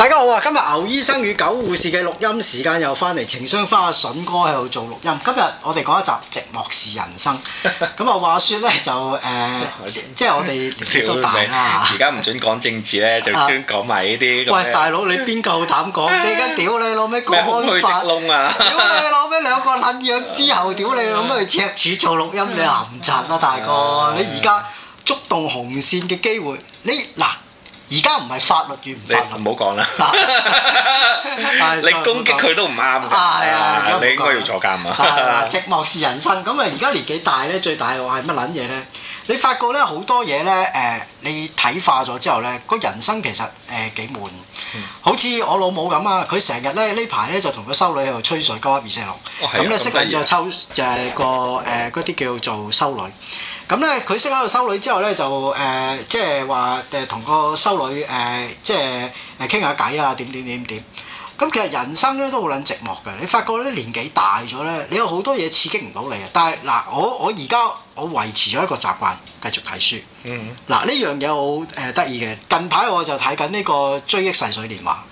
大家好啊！今日牛醫生與狗護士嘅錄音時間又翻嚟，情商花、啊、筍哥喺度做錄音。今日我哋講一集《寂寞是人生》。咁啊，話說呢就誒，呃、 即係我哋年紀都大啦。而家唔准講政治呢，就先講埋呢啲。 喂，大佬，你邊夠膽講？你而家屌你老尾國安法？屌 你老了咩？兩 個撚樣之後，屌你老咩？去赤柱做錄音，你含柒啦，大哥！ 你而家觸動紅線嘅機會，你嗱。你而家唔係法律與唔法律，唔好講啦。你， 你攻擊佢都唔啱。係 啊，啊啊啊啊啊你應該要坐監 啊。寂寞是人生咁 啊！而家年紀大咧，最大嘅話係乜撚嘢咧？你發覺咧好多嘢咧誒，你睇化咗之後咧，個人生其實誒幾悶。嗯、好似我老母咁啊，佢成日咧呢排咧就同個修女喺度吹水，講二四六咁咧，識、哦啊、得咗抽就係個誒嗰啲叫做修女。咁咧，佢識喺個修女之後咧，就誒、呃、即係話誒同個修女誒即係誒傾下偈啊，點點點點。咁、嗯、其實人生咧都好撚寂寞嘅，你發覺咧年紀大咗咧，你有好多嘢刺激唔到你啊。但係嗱，我我而家我維持咗一個習慣，繼續睇書。嗯、mm。嗱、hmm. 呢樣嘢好誒得意嘅，近排我就睇緊呢個《追憶逝水年華》。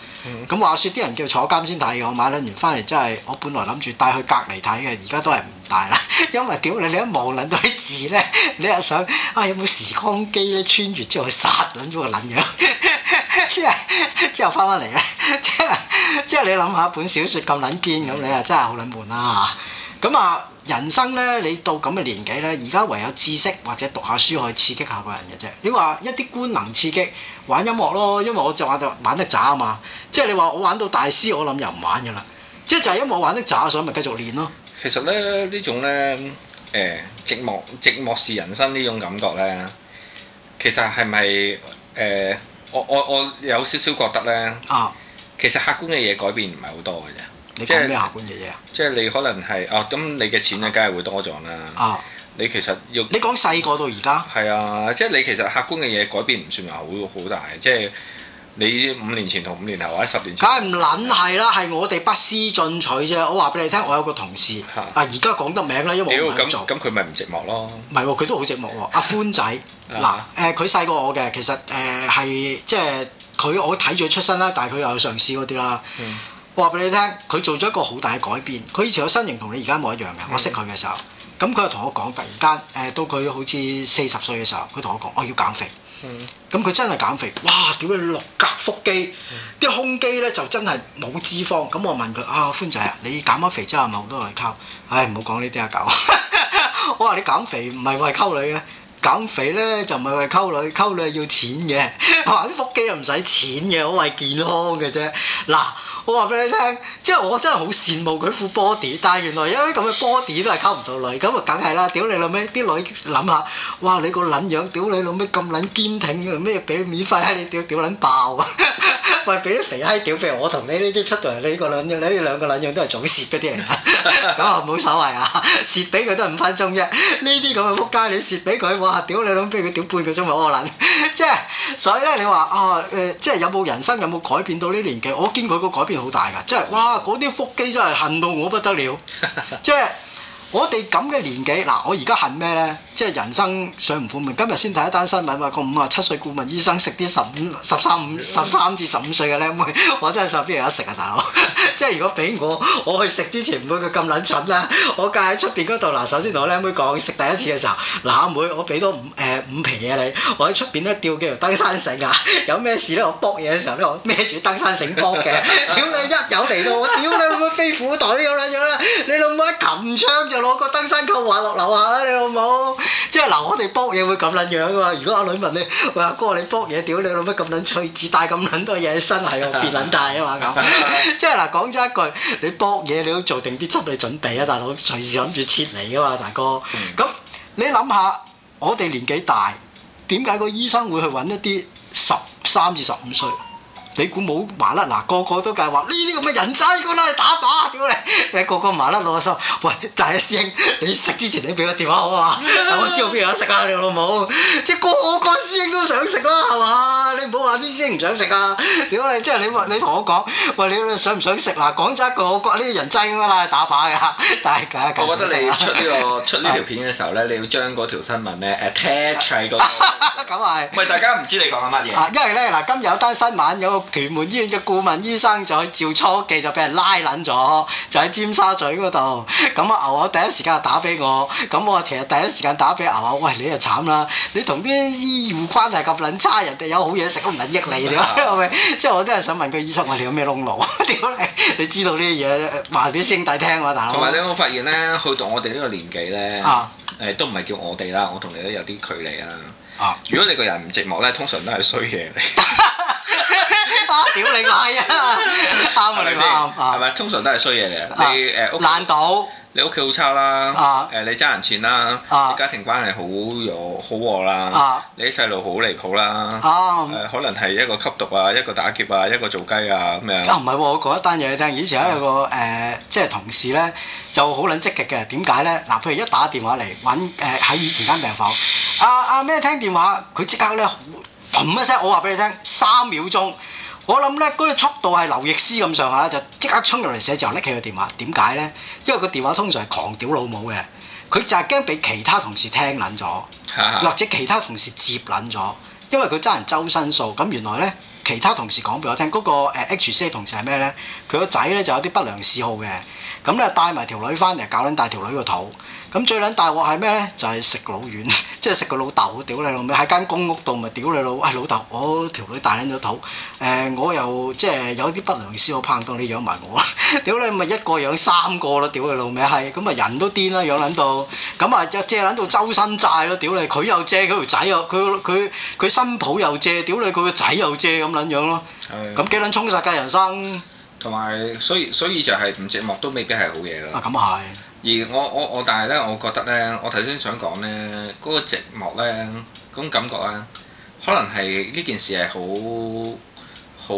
咁、嗯、話説啲人叫坐監先睇嘅，我買撚完翻嚟，真係我本來諗住帶去隔離睇嘅，而家都係唔帶啦。因為屌你無，你一望撚到啲字咧，你又想啊有冇時光機咧穿越之後去殺撚咗個撚樣， 之後之後翻翻嚟咧，即係即係你諗下本小説咁撚堅咁，嗯、你又真係好撚悶啦嚇。咁啊人生咧，你到咁嘅年紀咧，而家唯有知識或者讀下書去刺激下個人嘅啫。你話一啲官能刺激？玩音樂咯，因為我就玩得玩得渣啊嘛，即係你話我玩到大師，我諗又唔玩嘅啦，即係就係因為我玩得渣，所以咪繼續練咯。其實咧呢種咧，誒、呃、寂寞寂寞是人生呢種感覺咧，其實係咪誒我我我有少少覺得咧啊？其實客觀嘅嘢改變唔係好多嘅啫。你講咩客觀嘅嘢啊？即係你可能係哦，咁你嘅錢咧，梗係會多咗啦。啊！啊你其實要你講細個到而家係啊，即係你其實客觀嘅嘢改變唔算話好好大，即係你五年前同五年後或者十年前，前。梗係唔撚係啦，係我哋不思進取啫。我話俾你聽，我有個同事啊，而家講得名啦，因為我唔做。咁咁佢咪唔寂寞咯？唔係喎，佢都好寂寞喎。阿歡仔嗱，誒佢細過我嘅，其實誒係、呃、即係佢我睇住佢出身啦，但係佢又有上司嗰啲啦。嗯、我話俾你聽，佢做咗一個好大嘅改變。佢以前嘅身形同你而家冇一樣嘅。我識佢嘅時候。 咁佢又同我講，突然間，誒到佢好似四十歲嘅時候，佢同我講：我、哦、要減肥。咁佢真係減肥，哇！點樣六格腹肌，啲胸肌咧就真係冇脂肪。咁我問佢：啊，歡仔啊，你減咗肥之後係咪好多女嚟溝？唉、哎，唔好講呢啲啊狗。 我話你減肥唔係為溝女嘅，減肥咧就唔係為溝女，溝女要錢嘅，啲、啊、腹肌又唔使錢嘅，我為健康嘅啫，嗱。我話俾你聽，即係我真係好羨慕佢副 body，但係原來有啲咁嘅 body 都係溝唔到女，咁啊梗係啦！屌你老味，啲女諗下，哇你個撚樣，屌你老味咁撚堅挺嘅咩？俾免費閪你屌屌撚爆啊！ 喂，俾啲肥閪屌，譬如我同你呢啲出到嚟呢個撚樣，呢啲、這個、兩個撚 樣都係早蝕嘅啲人，咁啊冇所謂啊！蝕俾佢都係五分鐘啫，呢啲咁嘅撲街你蝕俾佢，哇屌你老味，佢屌半個鐘咪屙撚。即係所以呢，你話啊即係有冇人生有冇改變到呢啲年紀？我見佢個改變。好大㗎，即係哇！嗰啲腹肌真係恨到我不得了，即 係。 我哋咁嘅年紀，嗱，我而家恨咩呢？即係人生上唔苦命，今日先睇一單新聞，話個五十七歲顧問醫生食啲十十三五十三至十五歲嘅僆妹，我真係想邊有人食啊！大佬， 即係如果俾我我去食之前唔會佢咁撚蠢啦，我介喺出邊嗰度嗱，首先同我僆妹講食第一次嘅時候，嗱，阿妹，我俾多五誒、呃、五皮嘢你，我喺出邊咧吊幾條登山繩啊， 有咩事呢？我卜嘢嘅時候呢，我孭住登山繩卜嘅，屌你 一有嚟到我，屌你冇飛虎隊咁撚樣啦，你老母一撳槍攞個登山扣滑落樓下啦，你老母！即係嗱，我哋卜嘢會咁撚樣噶嘛。如果阿女問你，喂阿哥你卜嘢，屌你老咩咁撚脆，自帶咁撚多嘢身大，係個變撚態啊嘛咁。即係嗱，講真一句，你卜嘢你都做定啲心理準備啊，大佬隨時諗住撤離噶嘛，大哥。咁你諗下，我哋年紀大，點解個醫生會去揾一啲十三至十五歲？你估冇麻甩嗱？個個都計劃呢啲咁嘅人渣應該拉去打靶屌你！你個個麻甩落心，喂，但係師兄，你食之前你俾我電話好嘛？ 我知道我邊樣食啊，你老母！即係個個師兄都想食啦，係嘛？你唔好話啲師兄唔想食啊！屌你！即係你問你同我講，喂，你想唔想食嗱？講真一句，我覺得呢啲人渣應該拉去打靶嘅，大家。我覺得你出呢、呢個出呢條片嘅時候咧，你要將嗰條新聞咧 attach 喺嗰度。咁係。唔係、 啊、大家唔知你講緊乜嘢？因為咧嗱，今日有單新聞有。屯門醫院嘅顧問醫生就係趙初記就俾人拉撚咗，就喺尖沙咀嗰度。咁啊牛啊第一時間就打俾我，咁我其實第一時間打俾牛啊，喂，你又慘啦，你同啲醫護關係咁撚差，人哋有好嘢食都唔撚益你，係咪、啊？即係 我都係想問佢醫生：我「你有咩窿路？屌 你，知道呢啲嘢，話俾師兄弟聽喎大佬。同埋你有冇發現咧，去到我哋呢個年紀咧，誒、啊、都唔係叫我哋啦，我同你都有啲距離啦。啊、如果你個人唔寂寞咧，通常都係衰嘢嚟。 屌你買啊！啱啊，你啱，係咪？通常都係衰嘢嚟。你誒屋難到你屋企好差啦。誒你爭人錢啦。你家庭關係好有好和啦。你啲細路好離譜啦。誒可能係一個吸毒啊，一個打劫啊，一個做雞啊咁樣。啊唔係喎，我講一單嘢你聽。以前有一個即係同事咧就好撚積極嘅。點解咧？嗱，譬如一打電話嚟揾誒，喺以前間病房。啊，阿咩聽電話，佢即刻咧砰一聲。我話俾你聽，三秒鐘。我諗咧，嗰、那個速度係劉易斯咁上下咧，就即刻衝入嚟寫字，又拎起個電話。點解咧？因為個電話通常係狂屌老母嘅，佢就係驚俾其他同事聽撚咗，或者其他同事接撚咗。因為佢爭人周身數。咁原來咧，其他同事講俾我聽，嗰、那個 H C 同事係咩咧？佢個仔咧就有啲不良嗜好嘅，咁咧帶埋條女翻嚟搞撚大條女個肚。咁最撚大鑊係咩呢？就係、是、食老遠，即係食個老豆。屌你老味，喺間公屋度咪屌你老，係老豆，我條女大撚咗肚。誒，我又即係有啲不良嗜好，盼望你養埋我。屌你咪一個養三個咯，屌你老味，閪。咁啊人都癲啦，養撚到。咁啊又借撚到周身債咯，屌你！佢又借，佢條仔又佢佢佢新抱又借，屌你佢個仔又借，咁撚樣咯。咁幾撚充實嘅人生？同埋，所以所以就係唔寂寞都未必係好嘢啦。咁啊係。而我我我，但係咧，我覺得咧，我頭先想講咧，嗰、那個寂寞咧，嗰、那、種、個、感覺咧，可能係呢件事係好好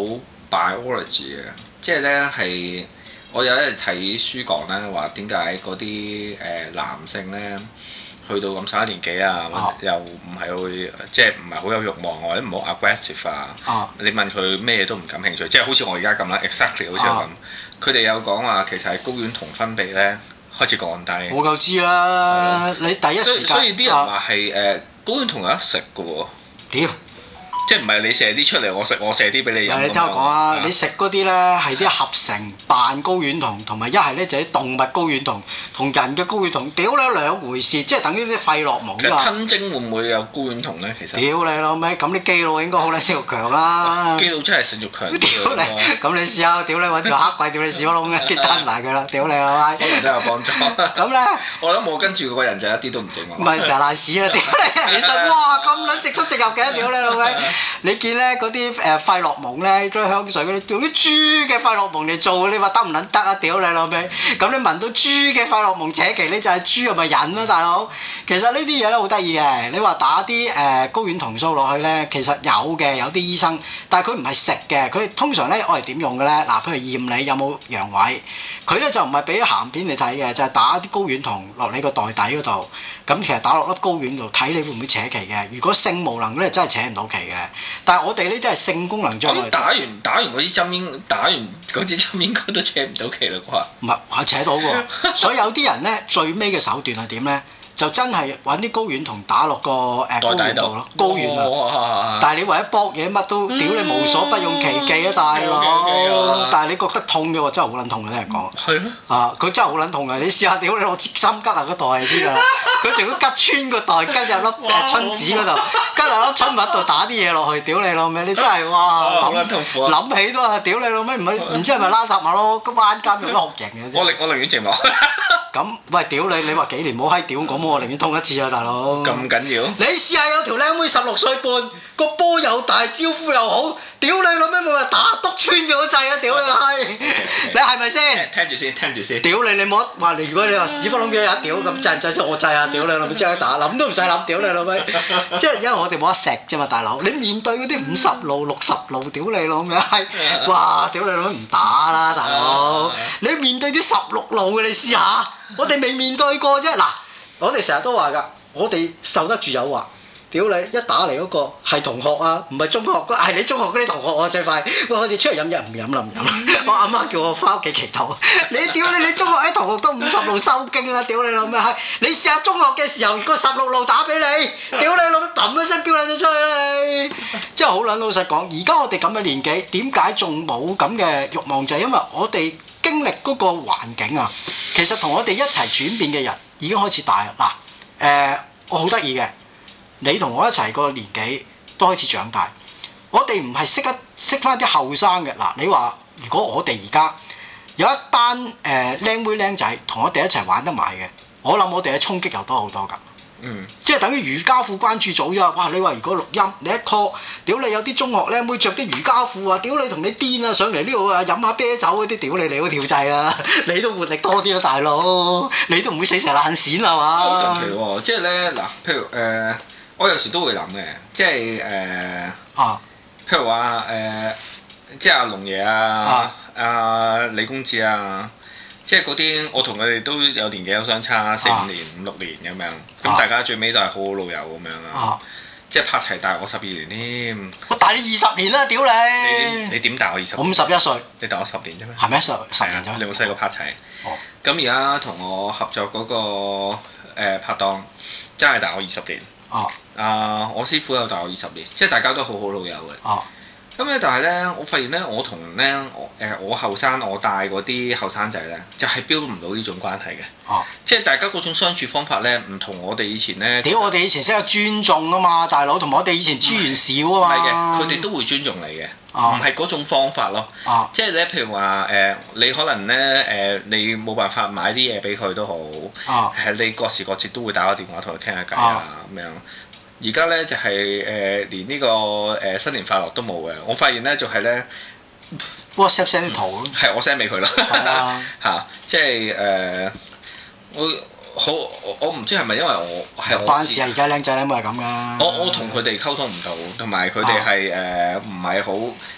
biology 嘅，即係咧係我有一日睇書講咧，話點解嗰啲誒男性咧去到咁一年紀啊，啊又唔係會即係唔係好有欲望，或者唔好 aggressive 啊？啊你問佢咩都唔感興趣，即、就、係、是、好似我而家咁啦，exactly 好似咁。佢哋有講話其實係睾丸酮分泌咧。開始降低，我就知啦。了你第一時間，所以啲人話係誒，啊、高同人一食嘅喎。點？即係唔係你射啲出嚟，我食我射啲俾你飲。你聽我講啊，你食嗰啲咧係啲合成辦睾丸酮，同埋一係咧就啲動物睾丸酮，同人嘅睾丸酮，屌你兩回事，即係等於啲費洛蒙啦。吞精會唔會有睾丸酮咧？其實屌你老味，咁啲基佬應該好啦，性欲強啦。基佬真係性欲強。屌你，咁你試下，屌你揾條黑鬼，屌你屎窟窿嘅，結單埋佢啦，屌你係咪？可能都有幫助。咁咧，我諗我跟住嗰個人就一啲都唔正常。唔係成日瀨屎啦，屌你！其實，哇，咁撚直出直入幾多秒咧，老味。你見咧嗰啲誒快樂夢咧，都係香水嗰啲用啲豬嘅快樂夢嚟做，你話得唔撚得啊？屌你老味！咁你聞到豬嘅快樂夢，扯旗你就係豬啊，咪係人啦，大佬。其實呢啲嘢咧好得意嘅，你話打啲誒、呃、睪丸酮素落去咧，其實有嘅，有啲醫生，但係佢唔係食嘅，佢通常咧我係點用嘅咧？嗱，譬如驗你有冇陽痿，佢咧就唔係俾鹹片你睇嘅，就係、就是、打啲睪丸酮落你個袋底嗰度。咁其實打落粒高丸度，睇你會唔會扯旗嘅，如果性無能咧，真係扯唔到旗嘅。但係我哋呢啲係性功能障礙，打完打完嗰支針應打完支針應該都扯唔到旗啦啩？唔係係扯到喎， 所以有啲人咧最尾嘅手段係點咧？就真係揾啲睾丸同打落個誒高底度咯，睾丸啊！但係你為咗搏嘢，乜都屌你無所不用其技啊！大佬，但係你覺得痛嘅喎，真係好撚痛嘅，聽啲人講。係咯，啊佢真係好撚痛嘅，你試下屌你落針吉下個袋你知啦，佢仲要吉穿個袋吉入粒春子嗰度，吉入粒春物度打啲嘢落去，屌你老味！你真係哇，好撚痛苦啊！諗起都啊，屌你老味，唔係唔知咪邋遢咪咯，咁玩金用得學贏嘅啫。我我寧願寂寞。咁喂，屌你！你話幾年冇閪屌我冇。我寧願痛一次啊，大佬！咁緊要？你試下有條靚妹十六歲半，個波又大，招呼又好，屌你老味冇話打督穿咗好滯啦！屌你閪， 你係咪先？聽住先，聽住先。屌你！你冇話你，如果你話屎忽窿腳一屌咁，制唔制先？我制啊！屌你老味，即刻打，諗都唔使諗！屌你老味！ 即係因為我哋冇得錫啫嘛，大佬。你面對嗰啲五十路、六十路，屌你老味閪！哇！屌你老味唔打啦，大佬！ 你面對啲十六路嘅，你試下，我哋未面對過啫嗱。我哋成日都話㗎，我哋受得住誘惑。屌你，一打嚟嗰個係同學啊，唔係中學嗰，係你中學嗰啲同學啊，最快我開始出嚟飲嘢唔飲啦，唔飲。我阿媽叫我返屋企祈禱。你屌你，你中學啲同學都五十路收經啦，屌你老咩閪！你試下中學嘅時候個十六路打俾你，屌你老母，揼一身標撚咗出去啦你！真係好撚老實講，而家我哋咁嘅年紀，點解仲冇咁嘅慾望？就係因為我哋經歷嗰個環境啊，其實同我哋一齊轉變嘅人。已經開始大啦！嗱，誒、呃，我好得意嘅，你同我一齊個年紀都開始長大，我哋唔係識得識返啲後生嘅嗱。你話如果我哋而家有一單誒靚妹靚仔同我哋一齊玩得埋嘅，我諗我哋嘅衝擊又多好多㗎。嗯，即係等於瑜伽褲關注組啫，哇！你話如果錄音，你一 call，屌你有啲中學靚妹着啲瑜伽褲啊，屌你同你癲啊，上嚟呢度啊飲下啤酒嗰啲，屌你你會調劑啊，你都活力多啲啊大佬，你都唔會死成爛線係嘛？好神奇喎！即係咧嗱，譬如誒，我有時都會諗嘅，即係誒啊，譬如話誒，即係阿龍爺啊，阿、啊啊、李公子啊。即係嗰啲，我同佢哋都有年紀有相差四五年、五六年咁樣，咁大家最尾就係好好老友咁樣啦。啊、即係拍齊大我十二年添，我大你二十年啦屌你！你點大我二十？我五十一歲。你大我十年啫咩？係咪啊？十十年啫咩？你冇細過拍齊。咁而家同我合作嗰、個、呃、拍檔，真係大我二十年。啊，啊，我師傅又大我二十年，即係大家都好好老友嘅。啊咁咧，但係咧，我發現咧，我同咧，我誒我後生，我帶嗰啲後生仔咧，就係表唔到呢種關係嘅。哦、啊，即係大家嗰種相處方法咧，唔同我哋以前咧。屌，我哋以前識得尊重啊嘛，大佬，同埋我哋以前資源少啊嘛。係嘅，佢哋都會尊重你嘅，唔係嗰種方法咯。啊、即係咧，譬如話誒、呃，你可能咧誒、呃，你冇辦法買啲嘢俾佢都好、啊啊。你各時各節都會打個電話同佢傾下偈啊咁、啊、樣。而家咧就係、是、誒、呃、連呢、這個誒、呃、新年快樂都冇嘅，我發現咧就係、是、咧 WhatsApp send 啲圖係我 send 俾佢咯，係啦嚇，即係誒、呃、我好我唔知係咪因為我係我事啊，而家僆仔僆妹係咁噶，我我同佢哋溝通唔到，同埋佢哋係誒唔係好，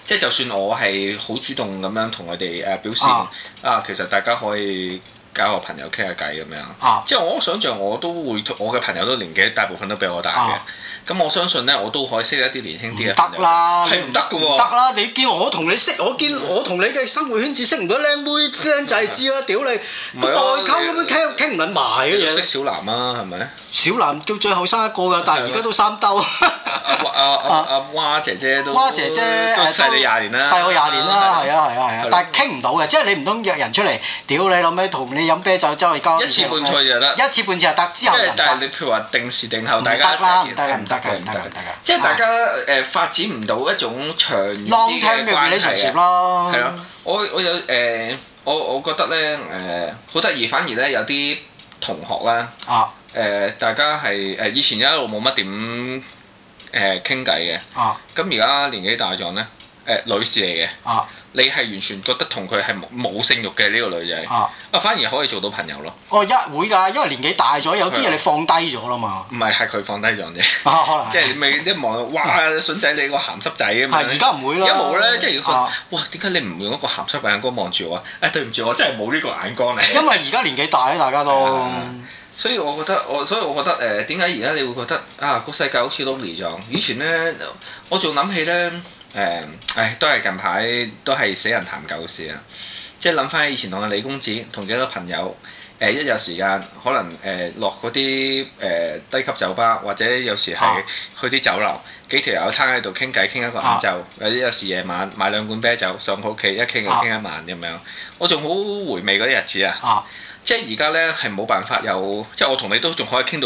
即係就算我係好主動咁樣同佢哋誒表示啊，啊，其實大家可以。交個朋友傾下偈咁樣，即係我想象我都會，我嘅朋友都年紀大部分都比我大嘅，咁我相信咧，我都可以識一啲年輕啲嘅。得啦，係唔得㗎喎？得啦，你見我同你識，我見我同你嘅生活圈子識唔到靚妹靚仔，知啦，屌你個代溝咁樣傾傾唔撚埋嘅嘢。識小南啊，係咪？小南叫最後生一個㗎，但係而家都三兜。阿阿阿蛙姐姐都蛙姐姐都細你廿年啦，細我廿年啦，係啊係啊係啊，但係傾唔到嘅，即係你唔通約人出嚟，屌你諗咩同你？飲啤酒周圍交一次半次就得，一次半次就得，之後但係你譬如話定時定候大家食，唔得唔得唔得，即係大家誒發展唔到一種長遠啲嘅關係啊。係咯，我我有誒，我我覺得咧誒，好得意，反而咧有啲同學啦，啊誒，大家係誒以前一路冇乜點誒傾偈嘅，咁而家年紀大咗咧誒，女士嚟嘅啊。你係完全覺得同佢係冇性慾嘅呢、這個女仔啊，反而可以做到朋友咯。哦，一會㗎，因為年紀大咗，有啲嘢你放低咗啦嘛。唔係，係佢放低咗啫。即係未一望，哇！筍、嗯、仔你個鹹濕仔啊嘛。係而家唔會咯。而冇咧，即係如果哇，點解你唔用一個鹹濕眼光望住我？誒、哎，對唔住，我真係冇呢個眼光嚟。因為而家年紀大啦，大家都。嗯、所以，我覺得我，所以，我覺得誒，點解而家你會覺得啊，個世界好似都 o n e 咗？以前咧，我仲諗起咧。啊誒，唉、嗯哎，都係近排都係死人談舊事啊！即係諗翻以前同阿李公子同幾多朋友，誒、呃、一有時間可能誒落嗰啲誒低級酒吧，或者有時係去啲酒樓，幾條友攤喺度傾偈傾一個晏晝，啊、或者有時夜晚買兩罐啤酒上佢屋企一傾就傾一晚咁樣，我仲好回味嗰啲日子啊！即係而家呢係冇辦法有，即係我同你都仲可以傾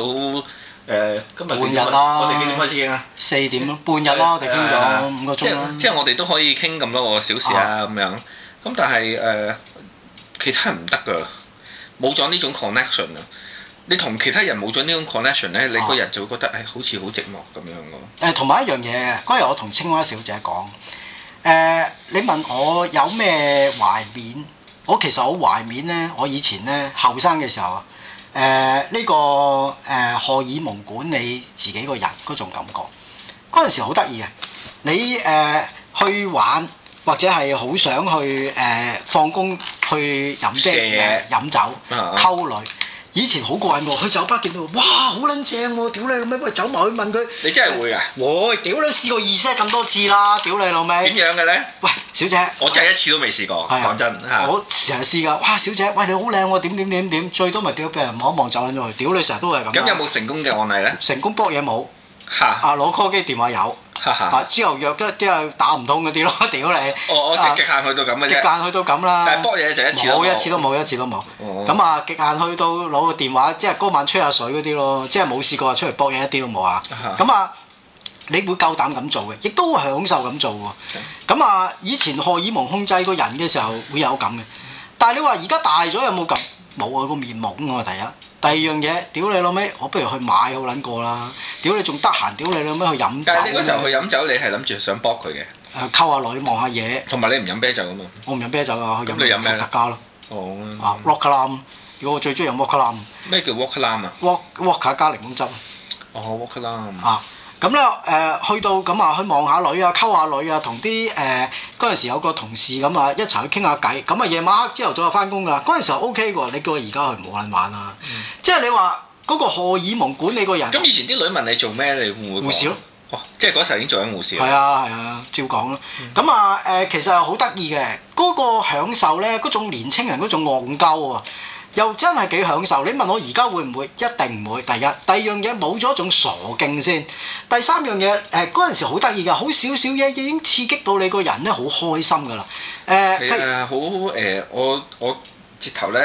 到。誒、呃，今日半日啦、啊，我哋幾點開始傾啊？四點半日啦，對我哋傾咗五個鐘即係我哋都可以傾咁多個小時啊，咁、啊、樣。咁但係誒、呃，其他人唔得㗎，冇咗呢種 connection 啊。你同其他人冇咗呢種 connection 咧、啊，你個人就會覺得誒、哎，好似好寂寞咁樣咯。誒、啊，同埋一樣嘢，嗰日我同青蛙小姐講，誒、呃，你問我有咩懷念？我其實好懷念咧，我以前咧後生嘅時候啊。誒呢、呃這個誒荷、呃、爾蒙管理自己個人嗰種感覺，嗰陣時好得意嘅。你誒、呃、去玩或者係好想去誒、呃、放工去飲啲誒飲酒、溝蛇女。啊。以前好怪喎，去酒吧見到，哇，好撚正喎！屌你老味，喂，走埋去問佢。你真係會啊？會、呃，屌你，試過二聲咁多次啦，屌你老味。點樣嘅咧？喂，小姐，我真係一次都未試過。講喂真，我成日試㗎。哇，小姐，喂，你好靚喎，點點點點，最多咪屌俾人望一望走撚咗去。屌你，成日都係咁。咁有冇成功嘅案例咧？成功博嘢冇。嚇！啊，攞 call 機電話有。哈，哈之後約即即係打唔通嗰啲咯，屌 你！哦，我、啊、極限去到咁嘅啫，極限去到咁啦。但係博嘢就一次都冇，一次都冇。咁啊，極限去到攞個電話，即係嗰晚吹下水嗰啲咯，即係冇試過出嚟博嘢一啲都冇啊。咁啊哈，你會夠膽咁做嘅，亦都會享受咁做喎。咁啊、嗯，以前荷爾蒙控制個人嘅時候會有咁嘅，但係你話而家大咗有冇咁？冇啊，個面目懵我第一。第二樣嘢，屌你老味，我不如去買好撚過啦！屌你仲得閒，屌你老味去飲酒。嗰時候去飲酒，你係諗住想幫佢嘅？誒、啊，溝下女，望下嘢。同埋你唔飲啤酒咁啊？我唔飲啤酒啊，飲伏特加咯。哦，啊 Rock Lam，如果我最中意飲 Rock Lam。咩叫 Rock Lam 啊？Rock，Rock 加檸檬汁。哦 Rock Lam。啊。咁咧，誒、嗯、去到咁啊，去望下女啊，溝下女啊，同啲誒嗰陣時有個同事咁啊，一齊去傾下偈。咁啊，夜晚黑朝頭早就翻工㗎啦。嗰陣時候 O K 喎，你叫我而家去唔好玩啊！嗯、即係你話嗰、那個荷爾蒙管理個人。咁以前啲女問你做咩，你會唔會？護士咯，即係嗰時候已經做緊護士啦。係啊係啊，照講咯。咁啊誒，其實好得意嘅，嗰、那個享受咧，嗰種年輕人嗰種戇鳩啊！又真係幾享受，你問我而家會唔會？一定唔會。第一、第二樣嘢冇咗一種傻勁先。第三樣嘢，誒嗰陣時好得意㗎，好少少嘢已經刺激到你個人咧，好開心㗎啦。誒，係好誒，我我直頭咧，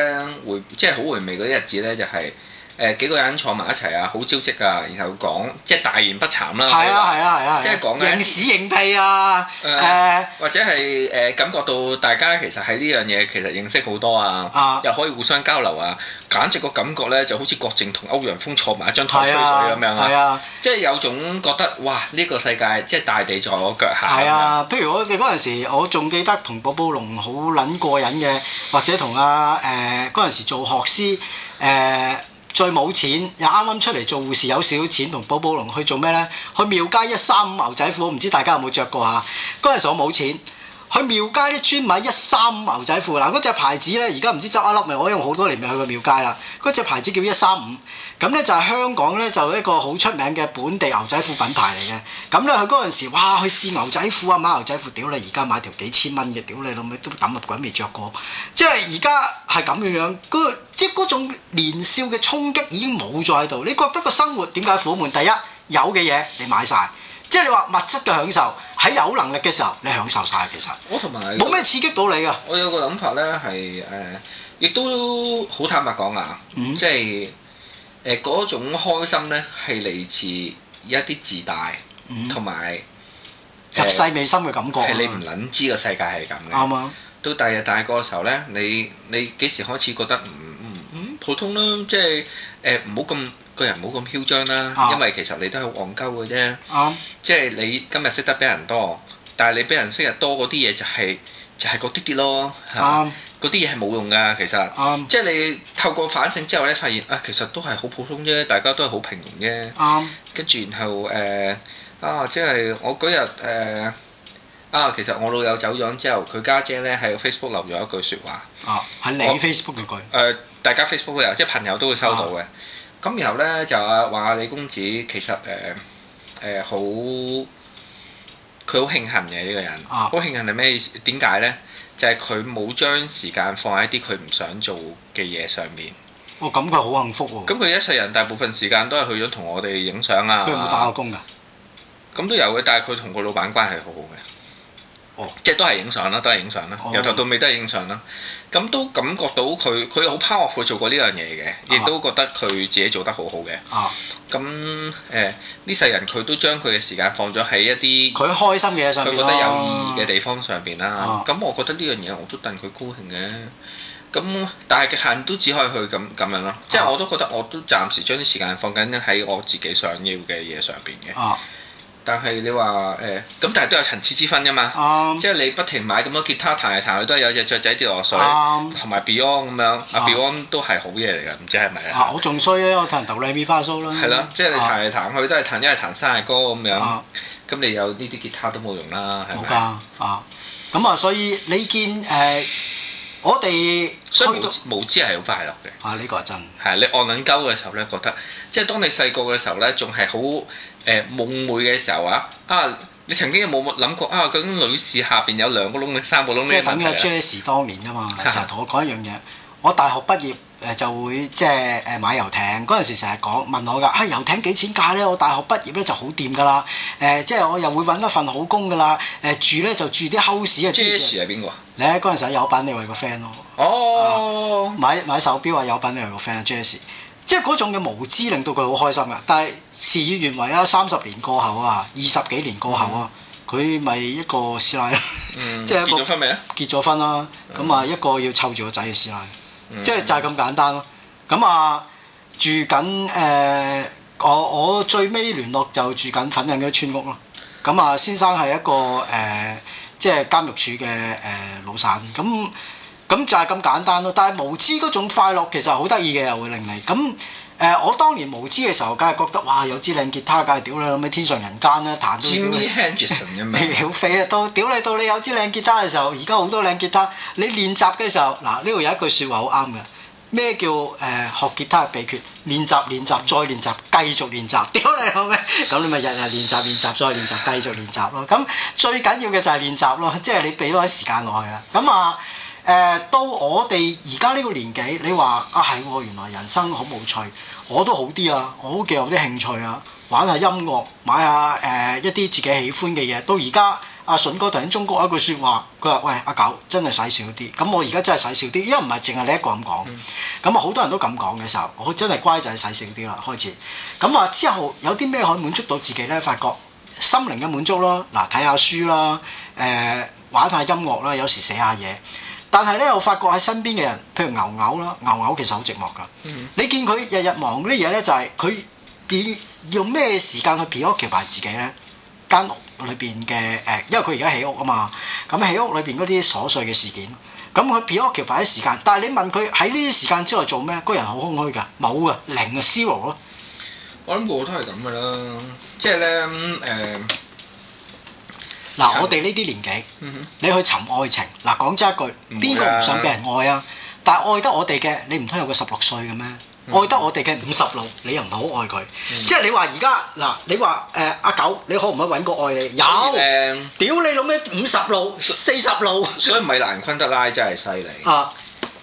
回即係好回味嗰啲日子咧，就係、是。誒幾個人坐埋一齊啊，好招積啊。然後講即係大言不慚啦，係啦係啦係啦，啊啊啊啊、即係講嘅。認屎認屁啊！誒、呃呃、或者係誒、呃、感覺到大家其實喺呢樣嘢其實認識好多啊，啊又可以互相交流啊，簡直個感覺咧就好似郭靖同歐陽鋒坐埋一,一張台吹水咁樣啊，啊啊即係有種覺得哇！呢、這個世界即係大地在我腳下咁樣、啊。譬如我哋嗰陣時，我仲記得同寶寶龍好撚過癮嘅，或者同阿誒嗰陣時做學師誒。呃呃呃呃呃呃嗯再冇錢，又啱啱出嚟做護士，有少少錢，同寶寶龍去做咩呢？去廟街一三五牛仔褲，唔知大家有冇着過啊？嗰陣時我冇錢，去廟街啲專買一三五牛仔褲。嗱，嗰隻牌子呢，而家唔知執一粒未。我因為好多年未去過廟街啦，嗰隻牌子叫一三五。咁呢就係香港呢，就是、一個好出名嘅本地牛仔褲品牌嚟嘅。咁呢，佢嗰陣時哇，去試牛仔褲啊，買牛仔褲，屌你！而家買條幾千蚊嘅，屌你老味都抌入鬼未着過。即係而家係咁嘅樣。即係嗰種年少嘅衝擊已經冇咗喺度，你覺得個生活點解苦悶？第一，有嘅嘢你買晒，即係你話物質嘅享受喺有能力嘅時候，你享受晒。其實。我同埋冇咩刺激到你㗎。我有個諗法咧，係、呃、誒，亦都好坦白講啊，嗯、即係誒嗰種開心咧，係嚟自一啲自大，同埋、嗯呃、入世未深嘅感覺係、嗯、你唔撚知個世界係咁嘅。啱啊、嗯。到第日大個嘅時候咧，你你幾時開始覺得唔？普通啦，即係誒唔好咁個人，唔好咁囂張啦。啊、因為其實你都係好戇鳩嘅啫。啊、即係你今日識得比人多，但係你比人識得多嗰啲嘢，就係就係嗰啲啲咯。嗰啲嘢係冇用噶，其實。啊、即係你透過反省之後咧，發現啊，其實都係好普通啫，大家都係好平庸嘅。跟住、啊、然後誒、呃、啊，即係我嗰日誒啊，其實我老友走咗之後，佢家姐咧喺 Facebook 留咗一句説話。喺你 Facebook 嘅句。誒。Uh, 大家 Facebook 都有，即係朋友都會收到嘅。咁、啊、然後咧就話李公子其實誒誒好，佢、呃、好、呃、慶幸嘅呢、呢個人。好、啊、慶幸係咩意思？點解咧？就係佢冇將時間放喺啲佢唔想做嘅嘢上面。哦，咁佢好幸福喎、啊。咁佢一世人大部分時間都係去咗同我哋影相啊。佢有冇打過工㗎？咁都有嘅，但係佢同個老闆關係好好嘅。哦、即係都係影相啦，都係影相啦，哦、由頭到尾都係影相啦。咁都感覺到佢，佢好 power 去做過呢樣嘢嘅，啊、亦都覺得佢自己做得好好嘅。咁誒、啊，呢、呃、世人佢都將佢嘅時間放咗喺一啲佢開心嘅嘢上面，佢覺得有意義嘅地方上邊啦。咁、啊啊、我覺得呢樣嘢我都戥佢高興嘅。咁但係極限都只可以去咁咁樣咯。即係、啊、我都覺得我都暫時將啲時間放緊喺我自己想要嘅嘢上邊嘅。啊但係你話誒咁，但係都有層次之分噶嘛，即係你不停買咁多吉他彈嚟彈去都係有隻雀仔跌落水，同埋 Beyond 咁樣，阿 Beyond 都係好嘢嚟噶，唔知係咪啊？我仲衰啊，我彈頭兩面花蘇啦，係咯，即係你彈嚟彈去都係彈，一係彈生日歌咁樣，咁你有呢啲吉他都冇用啦，係咪？啊，咁啊，所以你見誒我哋，所以無無知係好快樂嘅，啊呢個係真，係你按緊鳩嘅時候咧，覺得即係當你細個嘅時候咧，仲係好。誒夢寐嘅時候啊，啊，你曾經有冇諗過啊？究竟女士下邊有兩個窿定三個窿咧？即係等阿 Jas 當年噶嘛？成日同我講一樣嘢，我大學畢業誒就會即係誒買遊艇。嗰陣時成日講問我噶，啊遊艇幾錢價咧？我大學畢業咧就好掂噶啦。誒、呃、即係我又會揾一份好工噶啦。誒、呃、住咧就住啲 house 啊。Jas 係邊個？咧嗰陣時有品你為，你為個 friend 咯。哦，啊、買買手錶啊，有品你為個 friend，Jas。即係嗰種嘅無知令到佢好開心㗎，但係事與願違啊！三十年過後啊，二十幾年過後啊，佢咪、嗯、一個師奶咯，即係結咗婚未啊？結咗婚啦，咁啊、嗯嗯、一個要湊住個仔嘅師奶，嗯、即係就係咁簡單咯。咁啊住緊誒、呃，我我最尾聯絡就住緊粉嶺嗰啲村屋咯。咁、嗯、啊、嗯嗯嗯嗯嗯，先生係一個誒、呃，即係監獄署嘅誒老闆咁。咁就係咁簡單咯，但係無知嗰種快樂其實好得意嘅，又會令你咁誒、呃。我當年無知嘅時候，梗係覺得哇，有支靚吉他，梗係屌你咁嘅天上人間啦，彈到。Jimmy 屌飛屌你到你有支靚吉他嘅時候，而家好多靚吉他，你練習嘅時候，嗱呢度有一句説話好啱嘅，咩叫誒、呃、學吉他嘅秘訣？練習練習再練習，繼續練習，屌好 你好咩？咁你咪日日練習練習再練習，繼續練習咯。咁最緊要嘅就係練習咯，即係你俾多啲時間落去啦。咁啊～誒到我哋而家呢個年紀，你話啊係喎，原來人生好無趣，我都好啲啊，我好嘅有啲興趣啊，玩下音樂，買下誒、呃、一啲自己喜歡嘅嘢。到而家阿順哥頭先中國有一句説話，佢話喂阿、啊、九真係使少啲，咁我而家真係使少啲，因為唔係淨係你一個咁講，咁啊好多人都咁講嘅時候，我真係乖仔細少啲啦開始。咁啊之後有啲咩可以滿足到自己呢？發覺心靈嘅滿足咯，嗱睇下書啦，誒玩下音樂啦，有時寫下嘢。但係咧，我發覺喺身邊嘅人，譬如牛牛啦，牛牛其實好寂寞㗎。Mm hmm. 你見佢日日忙嗰啲嘢咧，就係佢要用咩時間去 preoccupy 自己咧？間屋裏邊嘅誒，因為佢而家起屋啊嘛，咁起屋裏邊嗰啲瑣碎嘅事件，咁佢 preoccupy 啲時間。但係你問佢喺呢啲時間之外做咩，個人好空虛㗎，冇啊，零啊 zero 咯。我諗我都係咁㗎啦，即係咧誒。呃嗱、啊，我哋呢啲年紀，你去尋愛情。嗱，講真一句，邊個唔想俾人愛啊？但係愛得我哋嘅，你唔通有個十六歲嘅咩？愛得我哋嘅五十六，你又唔係好愛佢？即係你話而家嗱，你話誒阿九，你可唔可以揾個愛你？有、嗯、屌你老咩？五十六、四十六，所以米蘭昆德拉真係犀利啊！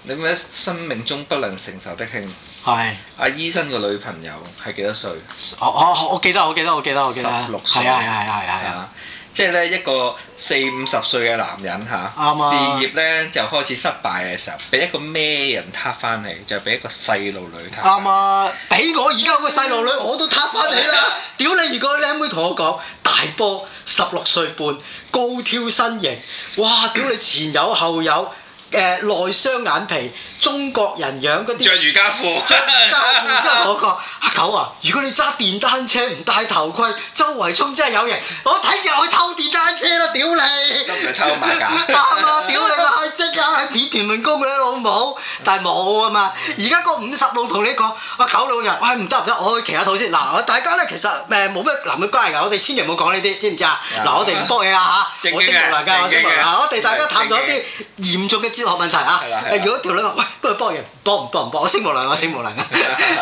你咩生命中不能承受的輕，係阿醫生個女朋友係幾多歲？啊、我我，我記得，我記得，我記得，我記得，十六歲啊，係啊，係啊，係啊。即係咧，一個四五十歲嘅男人嚇，吧事業咧，就開始失敗嘅時候，俾一個咩人撻翻嚟？就俾一個細路女撻。啱啊！俾我而家個細路女我都撻翻嚟啦！屌你！如果靚妹同我講大波，十六歲半，高挑身形，哇！屌你前有後有。 誒內雙眼皮，中國人樣嗰啲，着瑜伽褲，著瑜伽褲真係我講阿狗啊！如果你揸電單車唔戴頭盔，周圍衝真係有型。我睇日去偷電單車啦，屌你！咁佢偷埋㗎？啱啊！屌你啊！即刻喺片田問公你老母，但係冇啊嘛。而家個五十路同你講，阿狗老人，我唔得唔得，我去騎下套先。嗱，大家咧其實誒冇咩男女關係㗎，我哋千祈唔好講呢啲，知唔知啊？嗱，我哋唔幫你啊嚇，我升六啦，我升六啦，我哋大家探咗一啲嚴重嘅。哲學問題啊！如果條女話喂，不如幫人幫唔幫唔幫，我，無我，無 我性無能，我性無能啊！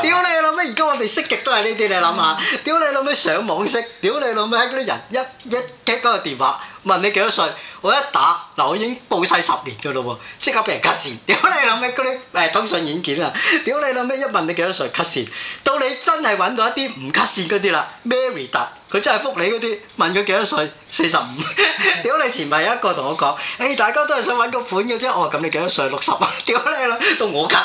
屌 你老味！而家我哋識極都係呢啲，你諗下，屌你老味！上網識，屌你老味！喺嗰啲人一一擊嗰個電話。問你幾多歲？我一打嗱、啊，我已經報晒十年嘅咯喎，即刻俾人 cut 線。屌你老味嗰啲誒通訊軟件啊！屌你老味一問你幾多歲 cut 線，到你真係揾到一啲唔 cut 線嗰啲啦。Mary 達佢真係覆你嗰啲，問佢幾多歲？四十五。屌你前排有一個同我講，誒 ella、欸、大家都係想揾個款嘅啫。我話咁你幾多歲？六十啊！屌你老，到我 cut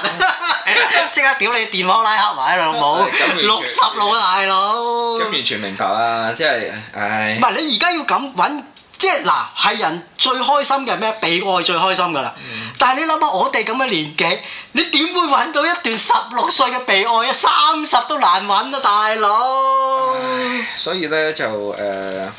即刻屌你電話拉黑埋啦老母。六十老大佬。咁完全明白啦，即係唉。唔係你而家要咁揾？即係嗱，係人最開心嘅咩？被愛最開心噶啦。嗯、但係你諗下，我哋咁嘅年紀，你點會揾到一段十六歲嘅被愛啊？三十都難揾啊，大佬、呃。所以呢，就誒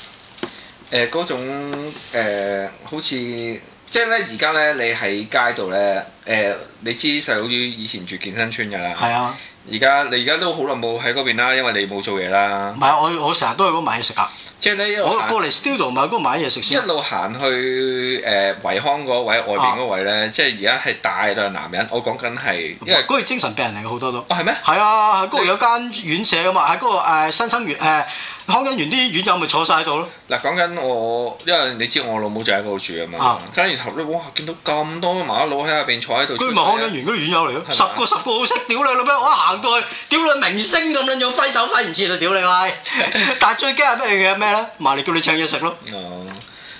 誒嗰種、呃、好似即係呢，而家呢，你喺街度呢，誒、呃，你知細佬仔以前住健身村噶啦。係是啊。而家你而家都好耐冇喺嗰邊啦，因為你冇做嘢啦。唔係，我我成日都去嗰度買嘢食啊。即係咧，過 ido, 一路嚟 Studio 買嗰個嘢食先。呃、一路行去誒維康嗰位外邊嗰位咧，即係而家係大量男人，我講緊係因為嗰啲、那個、精神病人嚟嘅好多都。哦，係咩？係啊，嗰度你有間院舍嘅嘛，喺、那、嗰個誒、呃、新生園誒、呃、康欣園啲院友咪坐晒喺度咯。嗱，講緊我，因為你知我老母就喺嗰度住啊嘛。啊！跟住頭咧，哇！見到咁多麻甩佬喺入邊坐喺度。佢咪康欣園嗰啲院友嚟咯，十嗎個十個好識屌你老咩！我、啊、行過去，屌你明星咁樣，仲揮手揮唔切啊！屌你喂，你 但係最驚係乜嘢咩？ 埋你叫你請嘢食咯。哦、啊，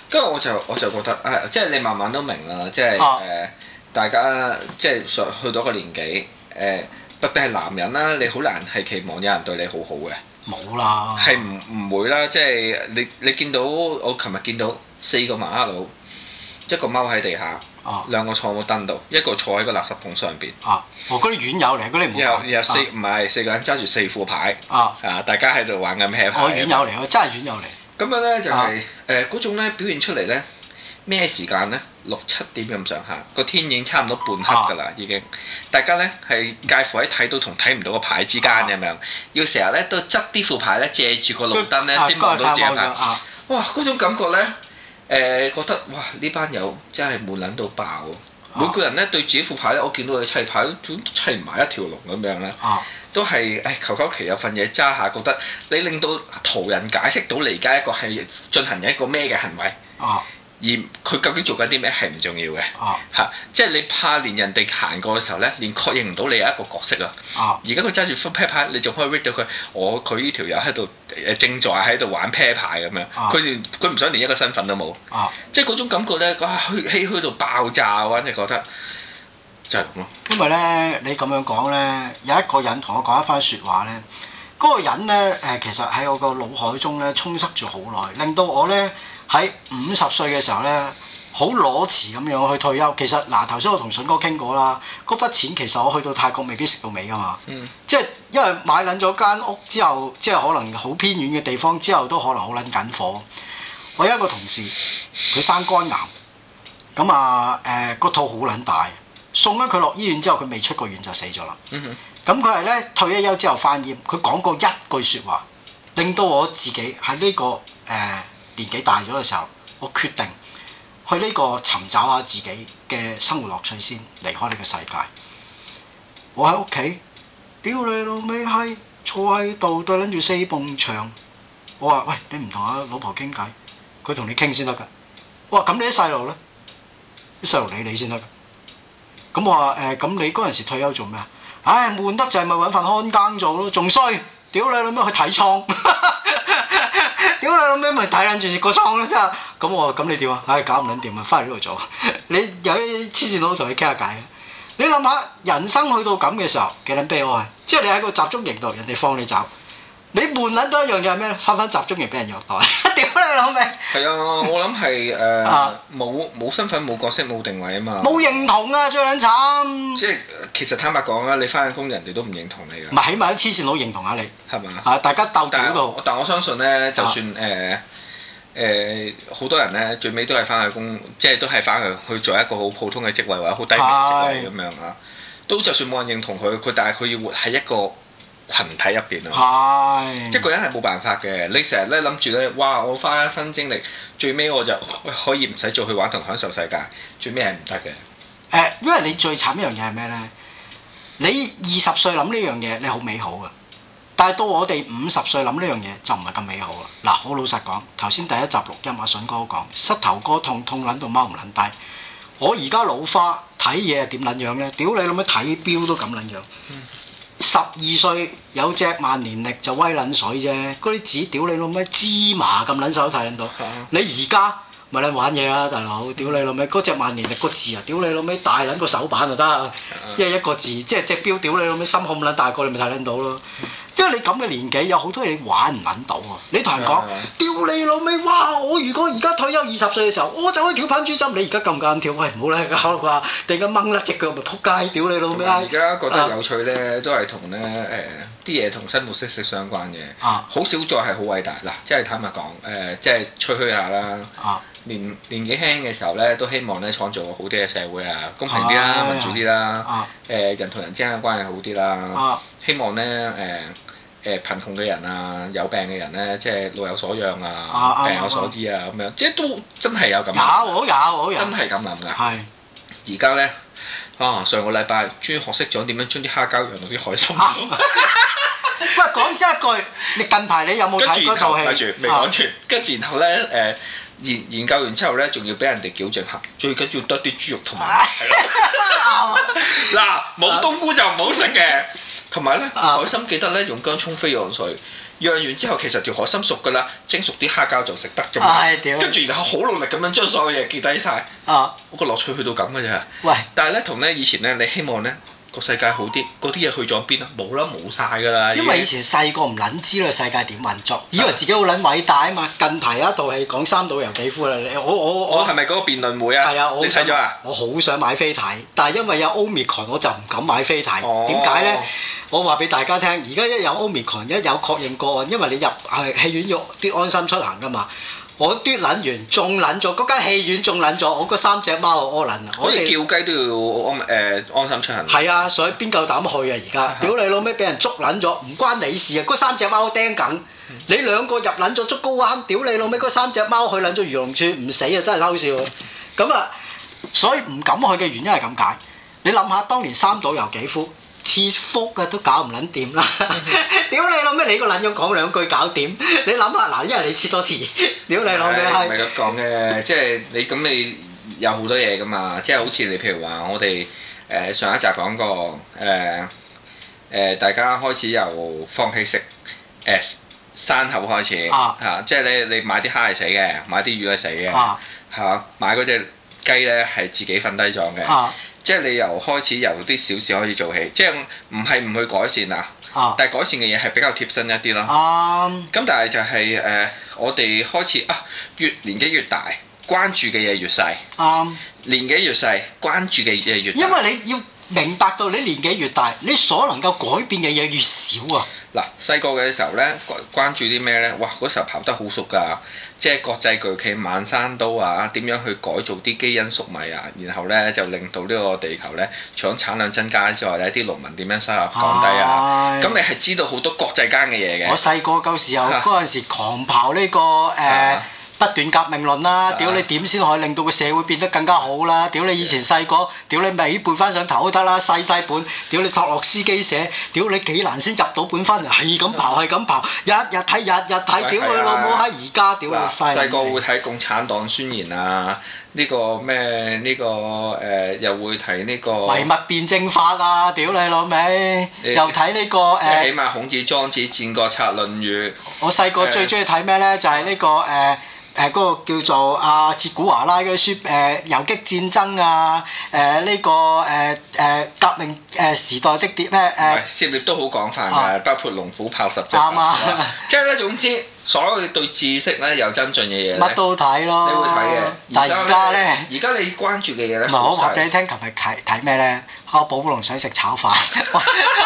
跟住我就我就覺得，誒、啊，即係你慢慢都明啦，即係誒、啊呃，大家即係上去到個年紀，誒、呃，特別係男人啦，你好難係期望有人對你好好嘅。冇有啦，係唔唔會啦，即係你你見到我琴日見到四個麻甩佬，一個踎喺地下。哦，兩個坐喺個燈度，一個坐喺個垃圾桶上邊。哦，嗰啲院友嚟，嗰啲唔。有有四唔係四個人揸住四副牌。啊，啊，大家喺度玩緊咩？a i 哦，院友嚟，我揸係院友嚟。咁樣咧就係誒嗰種咧表現出嚟咧咩時間咧？六七點咁上下，個天已經差唔多半黑㗎啦，已經。大家咧係介乎喺睇到同睇唔到個牌之間咁樣，要成日咧都執啲副牌咧借住個路燈咧先望到隻牌。哇，嗰種感覺咧～誒、呃、覺得哇！呢班友真係悶撚到爆、啊啊、每個人咧對住副牌咧，我見到佢砌牌都砌唔埋一條龍咁樣啦，都係誒求求其有份嘢揸下，覺得你令到途人解釋到你而家一個係進行緊一個咩嘅行為啊！而佢究竟做緊啲咩係唔重要嘅，嚇、啊啊，即係你怕連人哋行過嘅時候咧，連確認唔到你有一個角色啊！而家佢揸住副啤牌，你仲可以 read 到佢，我佢呢條友喺度，在正在喺度玩啤牌咁樣，佢佢唔想連一個身份都冇，啊、即係嗰種感覺咧，哇、啊！虛虛虛到爆炸，我反正覺得就係咁咯。因為咧，你咁樣講咧，有一個人同我講一番説話咧，嗰、那個人咧，誒，其實喺我個腦海中咧充塞住好耐，令到我咧。喺五十歲嘅時候呢，好裸辭咁樣去退休。其實嗱，頭、啊、先我同順哥傾過啦，嗰筆錢其實我去到泰國未必食到尾噶嘛。嗯。即係因為買撚咗間屋之後，即係可能好偏遠嘅地方，之後都可能好撚緊火。我有一個同事，佢生肝癌，咁啊誒，個肚好撚大，送咗佢落醫院之後，佢未出過院就死咗啦。嗯，咁佢係呢，退咗休之後肺炎，佢講過一句説話，令到我自己喺呢、這個誒。呃年紀大咗嘅時候，我決定去呢個尋找下自己嘅生活樂趣先，離開呢個世界。我喺屋企，屌你老味閪，坐喺度對住四埲牆。我話喂，你唔同阿老婆傾偈，佢同你傾先得噶。我話咁你啲細路呢？啲細路理你先得噶。咁我話誒，咁、欸、你嗰陣時退休做咩啊？唉、哎，悶得就係咪搵份看更做咯，仲衰。屌你老味去體操。 屌 你老味，咪睇緊住個窗啦！真係，咁我咁你點啊？唉，搞唔撚掂咪翻嚟呢度做。 你有啲黐線佬同你傾下偈。 你諗下人生去到咁嘅時候幾撚悲哀？即係你喺個集中營度，人哋放你走。你悶撚都一樣嘢係咩？翻返集中營俾人虐待，屌你老味！係啊，我諗係誒冇冇身份、冇角色、冇定位啊嘛！冇認同啊，最撚慘！即係其實坦白講啊，你翻緊工，人哋都唔認同你噶。唔係起碼啲黐線佬認同下你係嘛？係吧、啊、大家鬥嗰度但。但我相信咧，就算誒誒好多人咧，最尾都係翻去工，即、就、係、是、都係翻去去做一個好普通嘅職位或者好低微職位咁樣啊。都的 就算冇人認同佢，佢但係佢要活喺一個，群體入邊咯，一個人係冇辦法嘅。你成日咧諗住咧，哇！我花一生精力，最尾我就可以唔使再去玩同享受世界，最尾係唔得嘅。誒，因為你最慘一樣嘢係咩咧？你二十歲諗呢樣嘢，你好美好啊！但係到我哋五十歲諗呢樣嘢，就唔係咁美好啦。嗱，好老實講，頭先第一集錄音，阿筍哥講，膝頭哥痛，痛撚到貓唔撚低，我而家老花睇嘢係點撚樣咧？屌你諗咩，睇表都咁撚樣。十二歲有隻萬年曆就威撚水啫，嗰啲字屌你老味芝麻咁撚手睇撚到。你而家咪你玩嘢啦，大佬，屌你老味嗰隻萬年曆個字啊，屌你老味大撚個手板就得，嗯、一一個字，即係隻錶屌你老味心口撚大個你咪睇撚到咯。因為你咁嘅年紀，有好多嘢你玩唔揾到喎。你同人講，屌的你老味！哇，我如果而家退休二十歲嘅時候，我就可以跳笨豬跳。你而家夠唔夠膽跳？喂，唔好理佢搞啦啩！突然間掹甩隻腳，咪仆街！屌你老味啊！而家覺得有趣咧，都係同咧誒啲嘢同生活息息相關嘅。啊，好少再係好偉大嗱、呃，即係坦白講，誒即係吹噓下啦。啊。年年紀輕嘅時候咧，都希望咧創造好啲嘅社會啊，公平啲啦，民主啲啦，誒人同人之間嘅關係好啲啦，希望咧誒誒貧窮嘅人啊，有病嘅人咧，即係老有所養啊，病有所治啊，咁樣即係都真係有咁諗，有有真係咁諗㗎。係而家咧啊，上個禮拜終於學識咗點樣將啲蝦膠養到啲海參。唔係講真一句，你近排你有冇睇嗰套戲？跟住然後咧誒。研研究完之後咧，仲要俾人哋矯正下，最緊要多啲豬肉同埋，嗱冇、啊、 冬菇就唔好食嘅。同埋咧，啊、海參記得咧用薑蔥飛揚水，釀完之後其實條海參熟噶啦，蒸熟啲蝦膠就食得啫嘛。係點、啊？跟住然後好努力咁樣將所有嘢記低晒。啊，嗰個樂趣去到咁嘅咋？喂，但係咧同咧以前咧，你希望咧？個世界好啲，嗰啲嘢去咗邊啊？冇啦，冇晒噶啦！因為以前細個唔撚知個世界點運作，以 為自己好撚偉大啊嘛！近排有一套戲講三島由紀夫啦，我我我係咪嗰個辯論會啊？你睇咗啊？我好想，想買飛睇，但係因為有 Omicron，我就唔敢買飛睇。點解、哦、呢？我話俾大家聽，而家一有 Omicron，一有確認個案，因為你入去戲院要啲安心出行噶嘛。我跌撚完，仲撚咗嗰間戲院，仲撚咗我嗰三隻貓，們 我撲撚啦！好似叫雞都要安誒、呃、安心出行。係啊，所以邊夠膽去啊？而家屌你老味，俾人捉撚咗，唔關你事啊！嗰三隻貓釘緊，你兩個入撚咗竹篙灣，屌你老味，嗰三隻貓去撚咗漁農處，唔死啊！真係偷笑。咁、嗯、啊，所以唔敢去嘅原因係咁解。你諗下，當年三島有幾夫？切腹嘅都搞唔撚掂啦！屌的 你老咩？你個撚樣講兩句搞掂？你諗下嗱，因為你切多次，屌是 你老咩？係。係咁講嘅？即係你咁，你有好多嘢噶嘛？即、就、係、是、好似你譬如話，我哋誒上一集講過誒誒、呃呃，大家開始由放棄食誒、呃、山口開始啊，即係、啊就是、你你買啲蝦係死嘅，買啲魚係死嘅，嚇、啊啊、買嗰隻雞咧係自己瞓低咗嘅。啊啊即係你由開始，由啲小事開始做起，即係唔係唔去改善啊？但係改善嘅嘢係比較貼身一啲咯。咁、啊、但係就係、是、誒、呃，我哋開始啊，越年紀越大，關注嘅嘢越細。啊、年紀越細，關注嘅嘢越因為你要明白到你年紀越大，你所能夠改變嘅嘢越少啊。嗱、啊，細個嘅時候咧，關注啲咩咧？哇，嗰時候跑得好熟㗎。即係國際巨企萬山都啊，點樣去改造啲基因粟米啊？然後呢，就令到呢個地球呢，除咗產量增加之外，呢啲農民點樣收入降低啊？咁、哎、你係知道好多國際間嘅嘢嘅。我細個舊時候嗰陣、啊、時狂跑呢、這個誒。啊啊不斷革命論啦，屌你點先可以令到個社會變得更加好啦？屌你以前細個，屌你咪背翻上頭都得啦，細細本，屌你托洛斯基寫，屌你幾難先入到本翻嚟，係咁刨係咁刨，日日睇日日睇，屌你老母喺而家屌你細。細個會睇共產黨宣言啊，呢個咩呢個誒又會睇呢個唯物辯證法啊，屌你老味，又睇呢個誒。即係起碼孔子、莊子、戰國策、論語。我細個最中意睇咩呢？就係呢個誒。誒嗰、呃那個叫做阿哲、啊、古華拉嗰啲書，誒、呃、遊擊戰爭啊，誒、呃、呢、這個誒誒、呃、革命誒、呃、時代的跌誒誒，呃、涉獵都好廣泛㗎？啊、包括龍虎豹十隻，即係咧總之。所有對知識咧有增進嘅嘢，乜都睇咯。你會睇嘅。但而家咧，而家你關注嘅嘢咧，唔係，我話俾你聽，琴日睇睇咩咧？我寶寶龍想食炒飯，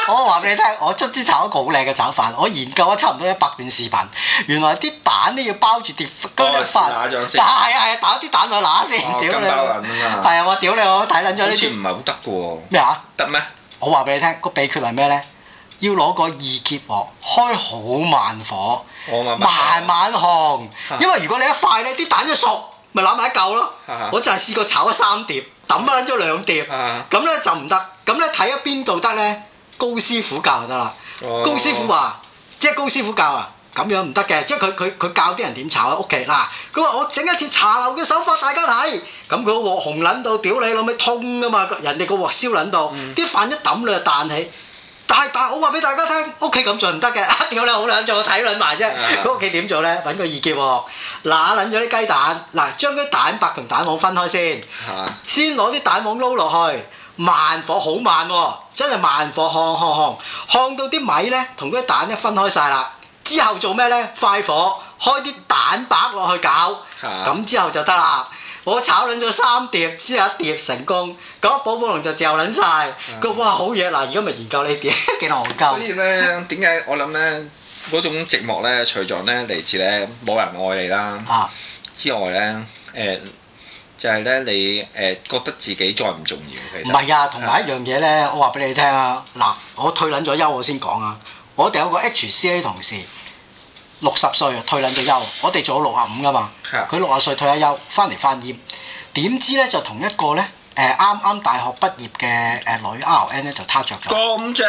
我話俾你聽，我卒之炒一個好靚嘅炒飯，我研究咗差唔多一百段視頻，原來啲蛋都要包住碟金嘅飯，打啊係啊，打啲蛋落乸先，係、哦、你啊，我屌你我睇撚咗呢啲，唔係好得嘅喎。咩啊？得咩？我話俾你聽，個秘訣係咩咧？要攞個易潔鑊，開好慢火。慢慢烘，啊、因為如果你一快呢，啲蛋一熟，咪攬埋一嚿咯。啊、我就係試過炒咗三碟，揼甩咗兩碟，咁呢、啊、就唔得。咁呢睇下邊度得呢？高師傅教就得啦。啊、高師傅話，即係高師傅教，教啊，咁樣唔得嘅。即係佢佢佢教啲人點炒喺屋企嗱。佢話我整一次茶樓嘅手法，大家睇。佢個鑊紅撚到，屌你老味痛啊嘛！人哋個鑊燒撚到，啲、嗯、飯一揼你就彈起。但係但係、啊，我話俾大家聽，屋企咁做唔得嘅。點你好卵做我睇卵埋啫。嗰屋企點做呢？揾個意見喎。嗱，撚咗啲雞蛋，嗱，將啲蛋白同蛋黃分開先，啊、先攞啲蛋黃撈落去，慢火好慢喎、哦，真係慢火烘烘烘，烘到啲米呢，同啲蛋咧分開晒啦。之後做咩呢？快火開啲蛋白落去搞，咁、啊、之後就得啦。我炒撚咗三碟，之後一碟成功。咁寶寶龍就嚼撚晒，個、嗯、哇好嘢！嗱，而家咪研究呢啲，幾戇鳩。所以咧，點解我諗咧？嗰種寂寞咧，除咗咧嚟自咧冇人愛你啦，啊、之外咧，誒、呃、就係、是、咧你誒、呃、覺得自己再唔重要。其實唔係啊，同埋一樣嘢咧，我話俾你聽啊！嗱、啊，我退撚咗休，我先講啊。我哋有個 HCA 同事，六十歲、啊、歲退撚咗休，我哋做咗六啊五噶嘛。佢六十歲退下休，翻嚟發業。點知咧就同一個咧誒啱啱大學畢業嘅誒女 R N 咧就撻着咗咁長，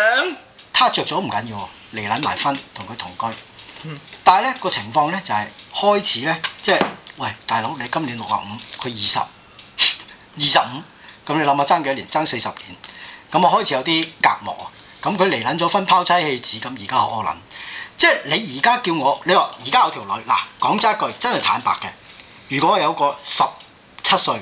撻着咗唔緊要，離撚埋婚，同佢同居。但係咧個情況咧就係、是、開始咧即係喂大佬，你今年六啊五，佢二十二十五，咁你諗下爭幾年爭四十年，咁啊開始有啲隔膜啊。咁佢離撚咗婚，拋妻棄子咁，而家可能即係你而家叫我你話而家有條女嗱講真一句真係坦白嘅，如果有個十。七歲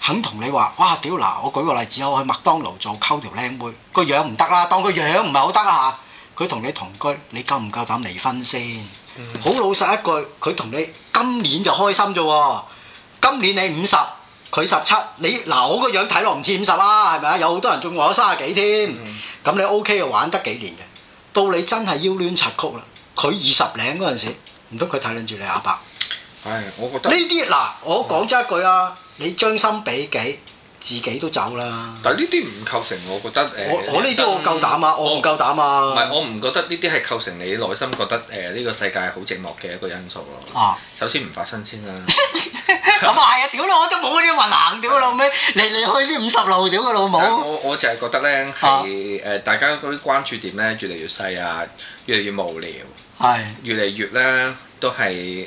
肯同你話哇屌嗱！我舉個例子，我去麥當勞做溝條靚妹，個樣唔得啦，當個樣唔係好得啦。佢同你同居，你夠唔夠膽離婚先？好、嗯、老實一句，佢同你今年就開心咋喎？今年你五十，佢十七，你嗱我個樣睇落唔似五十啊？係咪啊？有好多人仲話咗三十幾添。咁、嗯、你 O K 啊？玩得幾年嘅？到你真係腰亂插曲啦！佢二十零嗰陣時，唔通佢睇撚住你阿伯？係，我覺得呢啲嗱，我講真一句啊，你將心比己，自己都走啦。但係呢啲唔構成，我覺得誒。我呢啲我夠膽啊，我唔夠膽啊。唔係，我唔覺得呢啲係構成你內心覺得誒呢個世界好寂寞嘅一個因素咯。啊，首先唔發生先啦。咁啊係啊，屌佬我都冇嗰啲雲行，屌老味嚟你去啲五十路，屌個老母。我我就係覺得咧係誒，大家嗰啲關注點咧越嚟越細啊，越嚟越無聊，係越嚟越咧。都係誒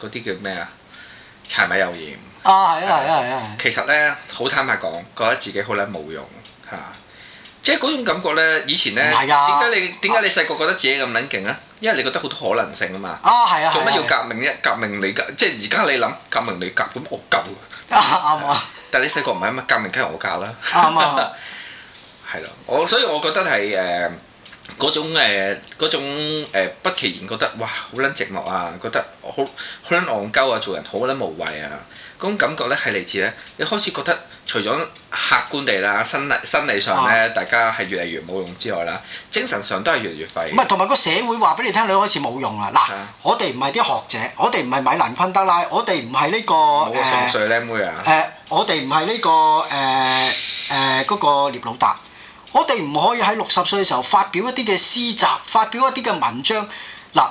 嗰啲叫咩啊？柴米油鹽啊，係啊，係啊，係啊，其實咧好坦白講，覺得自己好撚冇用嚇，即係嗰種感覺咧。以前咧點解你點解你細個覺得自己咁撚勁咧？因為你覺得好多可能性啊嘛。啊，係啊，做乜要革命咧？革命你即係而家你諗革命你革咁我夠啱啊！但係你細個唔係啊嘛，革命梗係我革啦。啱啊，係咯，我所以我覺得係誒。嗰種誒嗰、呃呃、不其然覺得哇好撚寂寞啊，覺得好好撚戇鳩啊，做人好撚無謂啊，嗰種感覺咧係嚟自咧，你開始覺得除咗客觀地啦，生理生理上咧，哦、大家係越嚟越冇用之外啦，精神上都係越嚟越廢。唔係同埋個社會話俾你聽，你開始冇用啊！嗱，我哋唔係啲學者，我哋唔係米蘭昆德拉，我哋唔係呢個誒，純粹靚妹啊妹！誒、呃，我哋唔係呢個誒誒嗰個聶老達。我哋唔可以喺六十歲嘅時候發表一啲嘅詩集，發表一啲嘅文章。嗱，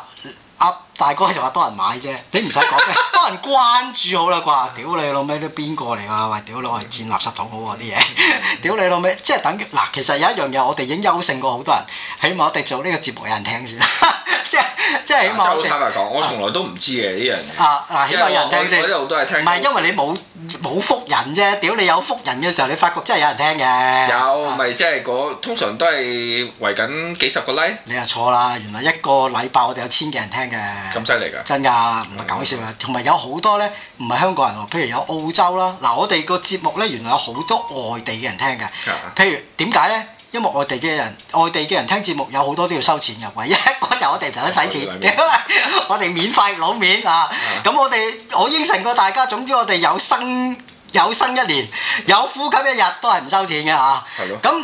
阿大哥就話多人買啫，你唔使講嘅，多人關注好啦啩？屌你老味都邊個嚟㗎？喂，屌你攞嚟填垃圾桶好喎啲嘢。屌你老味，即係等嗱，其實有一樣嘢我哋已經優勝過好多人，起碼我哋做呢個節目有人聽先。即係即係起碼坦白講，我從來都唔知嘅呢樣嘢。啊嗱，起碼有人聽先。唔係因為你冇。冇覆人啫，屌你有覆人嘅時候，你發覺真係有人聽嘅。有，唔係即係嗰通常都係圍緊幾十個 like。你又錯啦，原來一個禮拜我哋有千幾人聽嘅。咁犀利㗎！真㗎，唔係講笑啊！同埋有好多咧，唔係香港人喎，譬如有澳洲啦，嗱我哋個節目咧原來有好多外地嘅人聽嘅。譬如點解咧？因為外地嘅人，外地嘅人聽節目有好多都要收錢入嚟，唯一一個就係我哋唔使使錢，我哋免費攞面的啊！咁我哋我應承過大家，總之我哋有生有生一年，有呼吸一日都係唔收錢嘅嚇。咁誒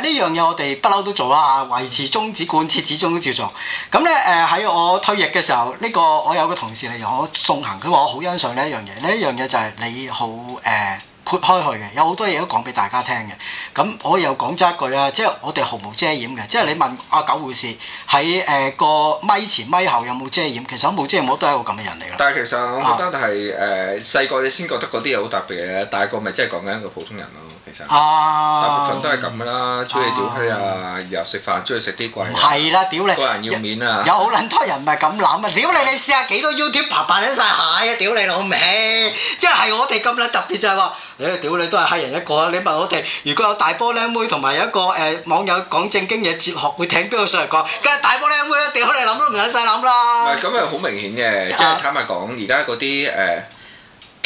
呢樣嘢我哋不嬲都做啦，維持宗旨貫徹始終都照做。咁呢誒喺我退役嘅時候，呢、這個我有個同事嚟由我送行，佢話我好欣賞呢一樣嘢。呢一樣嘢就係你好誒。呃撥開去嘅，有好多嘢都講俾大家聽嘅。咁我又講咗一句啦，即係我哋毫無遮掩嘅。即係你問阿九護士喺誒個咪前咪後有冇遮掩，其實我冇遮冇都係一個咁嘅人嚟嘅。但係其實我覺得係誒細個你先覺得嗰啲嘢好特別嘅，大個咪即係講緊一個普通人咯。啊！大部分都係咁噶啦，出去屌閪啊，又食飯，出去食啲貴。係啦，屌你！個人要面啊！有好撚多人唔係咁諗啊！屌你！你試下幾多 YouTube 爬百一曬蟹啊！屌你老味！即係我哋咁撚特別就係話，誒屌你都係黑人一個啦！你問我哋，如果有大波靚妹同埋有一個誒網友講正經嘢哲學，會聽邊個上嚟講？梗係大波靚妹啦！屌你諗都唔使晒諗啦！係，咁係好明顯嘅，即係坦白講，而家嗰啲誒。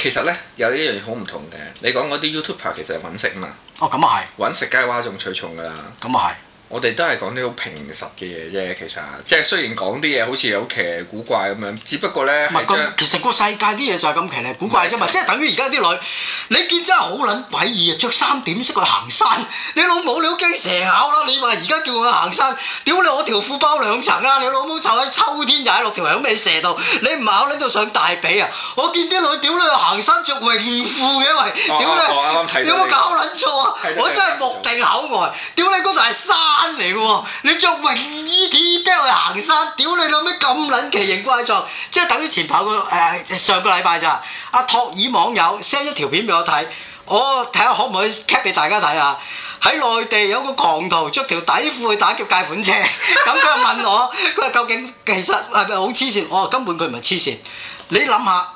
其實咧有一樣嘢好唔同嘅，你講嗰啲 YouTuber 其實係揾食嘛。哦，咁啊係，揾食梗係話眾取寵㗎啦。咁啊係。我哋都係講啲好平實嘅嘢啫，其實即係雖然講啲嘢好似有奇古怪咁樣，只不過咧，其實個世界啲嘢就係咁奇離古怪啫嘛，即係等於而家啲女，你見真係好撚詭異啊！着三點式去行山，你老母你都驚蛇咬啦！你話而家叫我行山，屌你我條褲包兩層啦！你老母就喺秋天就踩落條響尾蛇度，你唔咬你就上大髀啊！我見啲女屌你又行山著泳褲嘅喂，屌你你有冇搞撚錯啊！我真係目定口呆，屌你嗰度係沙。嚟嘅你着泳衣 t 餅去行山，屌你老味咁撚奇形怪狀，即係等於前排個誒上個禮拜咋？阿、啊、托爾網友 send 一條片俾我睇，我睇下可唔可以 cap 俾大家睇啊？喺內地有個狂徒着條底褲去打劫解款車，咁 佢、嗯、問我，佢話究竟其實係咪好黐線？我、哦、話根本佢唔係黐線，你諗下，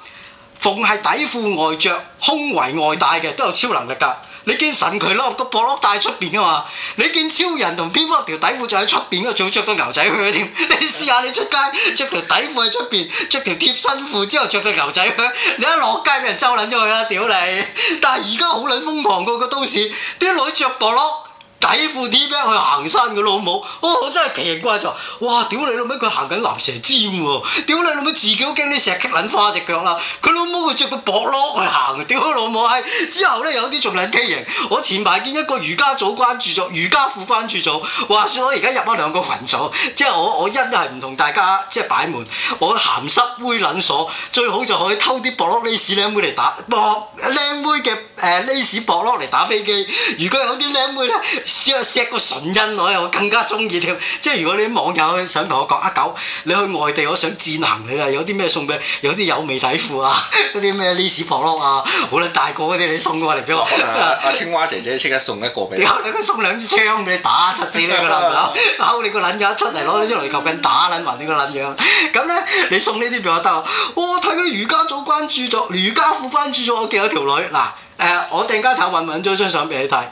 逢係底褲外着、胸圍外戴嘅都有超能力㗎。你見神佢攞個薄褸戴出邊啊嘛！你見超人同蝙蝠俠條底褲就喺出邊，佢仲着到牛仔靴添。你試下你出街着條底褲喺出邊，着條貼身褲之後着對牛仔靴，你一落街畀人揪撚咗去啦！屌你！但係而家好撚瘋狂，個個都市啲女着薄褸。底褲 T 恤去行山嘅老母，哦，真係奇怪咗！哇，屌你老母，佢行緊蚺蛇尖喎！屌你老母，自己都驚啲石棘撚花隻腳啦！佢老母，佢着個薄褸去行，屌佢老母閪！之後咧有啲仲嚟黐人，我前排見一個瑜伽組關注咗，瑜伽褲關注咗。話説我而家入咗兩個群組，即係我我一係唔同大家即係擺門，我鹹濕猥褻所最好就可以偷啲薄褸 lace 靚妹嚟打薄靚妹嘅誒 lace 薄褸嚟打飛機。如果有啲靚妹咧～錫個唇印我又更加中意添，即係如果你啲網友想同我講阿、啊、狗，你去外地我想餞行你啦，有啲咩送俾，有啲有味底褲啊，嗰啲咩呢士博洛啊，好撚大個嗰啲你送過嚟俾我，啊， 啊青蛙姐姐即刻送一個俾，點解你佢送兩支槍俾你打七死呢個撚 你個撚樣出嚟攞你支壘球棍打撚埋你個撚樣，咁呢，你送呢啲俾我得喎，我睇佢瑜伽做關注咗，瑜伽褲關注咗，我，我見到條女嗱，誒我突然間睇揾咗張相俾你睇。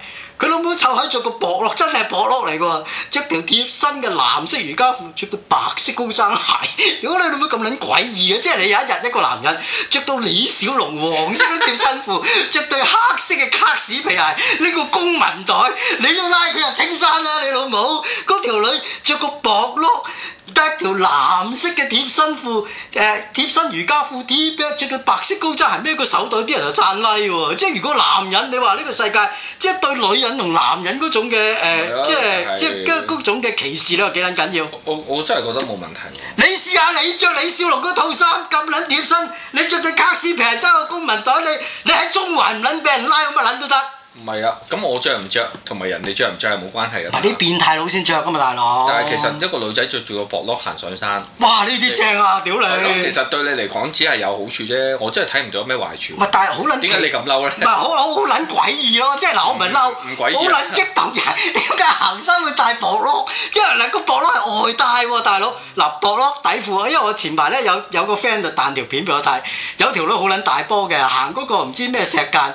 佢老母臭閪着個薄落，真係薄落嚟喎！着條貼身嘅藍色瑜伽褲，着對白色高踭鞋。如果你老母咁撚詭異嘅，即係你有一日一個男人着到李小龍黃色嗰條貼身褲，着對黑色嘅卡士皮鞋，拎個公文袋，你都拉佢入青山啦，啊！你老母嗰條女着個薄落。得條藍色嘅貼身褲，誒、呃、貼身瑜伽褲，啲 b l a 着對白色高踭鞋，孭個手袋，啲人就讚曬喎。即係如果男人，你話呢個世界，即係對女人同男人嗰種嘅誒，即係即係嗰種嘅歧視咧，幾撚緊要？我我，我真係覺得冇問題。你試下你着李小龍嗰套衫咁撚貼身，你着對卡士皮，揸個公民袋，你你喺中環撚俾人拉，咁啊撚都得。唔係啊，咁我着唔着，同埋人哋着唔着係冇關係噶。嗱啲變態佬先着噶嘛，大佬。但係其實一個女仔着住個薄褸行上山。哇！呢啲正啊，屌你！你其實對你嚟講只係有好處啫，我真係睇唔到咩壞處。唔係，但係好撚點解你咁嬲咧？唔係好撚鬼異咯，即係嗱，我唔係嬲唔鬼異，好撚激動嘅。點解行山會帶薄褸？即係嗱，個薄褸係外帶喎、啊，大佬。嗱、啊，薄褸底褲啊，因為我前排咧有有，有個 friend 就彈條片俾我睇，有條女好撚大波嘅，行嗰個唔知咩石澗。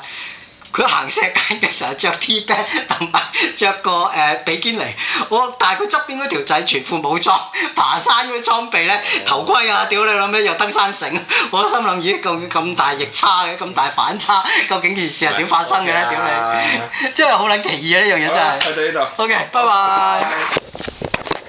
佢行石街嘅時候着 T 恤、同埋着個誒、呃、比堅尼。我但係佢側邊嗰條仔全副武裝爬山嗰啲裝備呢，嗯、頭盔啊，屌你諗咩又登山繩，我心諗，咦咁咁大逆差嘅，咁大反差，究竟件事係點發生嘅呢？屌你，真係好撚奇異啊！呢樣嘢真係。去到呢度。OK，拜拜。拜拜。